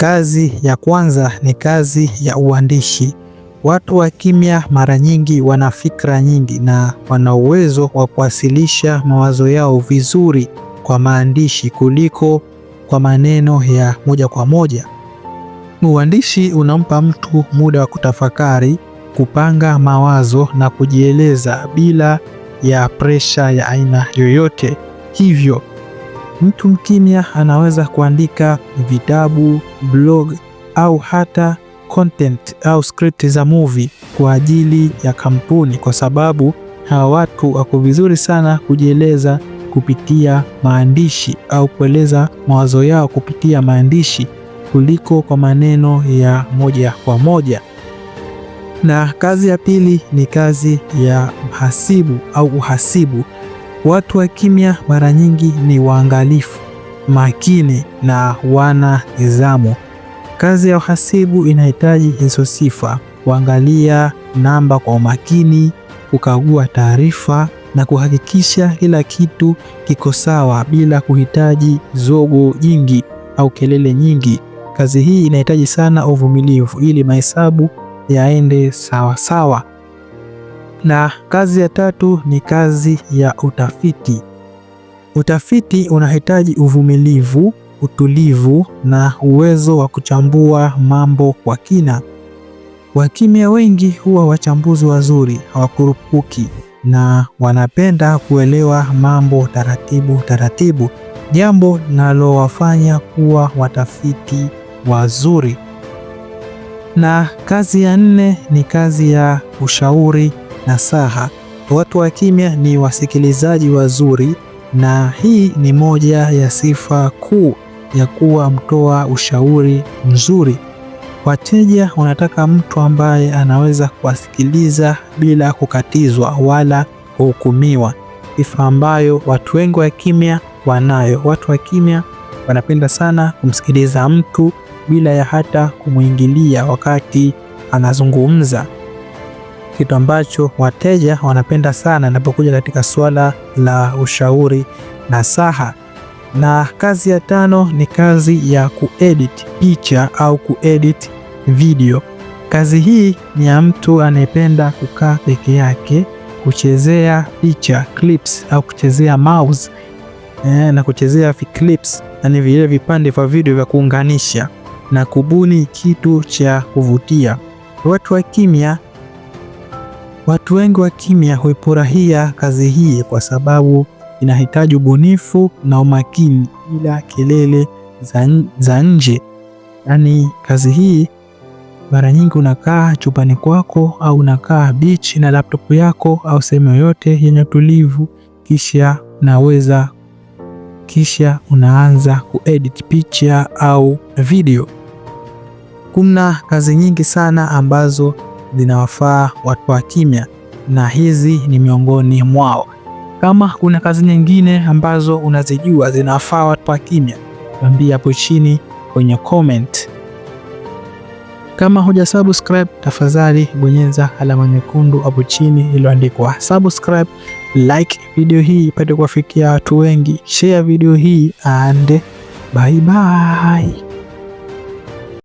Kazi ya kwanza ni kazi ya uandishi. Watu wa kimya mara nyingi wana fikra nyingi na wana uwezo wa kuwasilisha mawazo yao vizuri kwa maandishi kuliko kwa maneno ya moja kwa moja. Uandishi unampa mtu muda wa kutafakari, kupanga mawazo na kujieleza bila ya presha ya aina yoyote. Hivyo Mtu mkimya anaweza kuandika vitabu, blog au hata content au script za movie kwa ajili ya kampuni, kwa sababu hawa watu wako vizuri sana kujieleza kupitia maandishi au kueleza mawazo yao kupitia maandishi kuliko kwa maneno ya moja kwa moja. Na kazi ya pili ni kazi ya mhasibu au uhasibu. Watu wa kimya mara nyingi ni waangalifu, makini na wana nidhamu. Kazi ya uhasibu inahitaji hizo sifa: kuangalia namba kwa umakini, kukagua taarifa na kuhakikisha kila kitu kiko sawa bila kuhitaji zogo jingi au kelele nyingi. Kazi hii inahitaji sana uvumilivu ili mahesabu yaende sawasawa sawa. Na kazi ya tatu ni kazi ya utafiti. Utafiti unahitaji uvumilivu, utulivu na uwezo wa kuchambua mambo kwa kina. Wakimya wengi huwa wachambuzi wazuri, hawakurupuki na wanapenda kuelewa mambo taratibu taratibu, jambo linalowafanya kuwa watafiti wazuri. Na kazi ya nne ni kazi ya ushauri nasaha. Watu wa kimya ni wasikilizaji wazuri, na hii ni moja ya sifa kuu ya kuwa mtoa ushauri mzuri. Wateja wanataka mtu ambaye anaweza kuwasikiliza bila kukatizwa wala kuhukumiwa, sifa ambayo watu wengi wa kimya wanayo. Watu wa kimya wanapenda sana kumsikiliza mtu bila ya hata kumwingilia wakati anazungumza kitu ambacho wateja wanapenda sana inapokuja katika swala la ushauri na saha Na kazi ya tano ni kazi ya kuedit picha au kuedit video. Kazi hii ni ya mtu anayependa kukaa peke yake, kuchezea picha clips au kuchezea mouse e, na kuchezea clips, ni vile vipande vya video vya kuunganisha na kubuni kitu cha kuvutia. Watu wa kimya Watu wengi wa kimya huifurahia kazi hii kwa sababu inahitaji ubunifu na umakini bila kelele za nje. Yaani kazi hii mara nyingi unakaa chumbani kwako au unakaa beach na laptop yako au sehemu yoyote yenye utulivu, kisha unaweza kisha unaanza kuedit picha au video. Kuna kazi nyingi sana ambazo zinawafaa watu wa kimya, na hizi ni miongoni mwao. Kama kuna kazi nyingine ambazo unazijua zinawafaa watu wa kimya, niambie hapo chini kwenye comment. Kama huja subscribe, tafadhali bonyeza alama nyekundu hapo chini iliyoandikwa subscribe. Like video hii ipate kuwafikia watu wengi, share video hii and bye bye.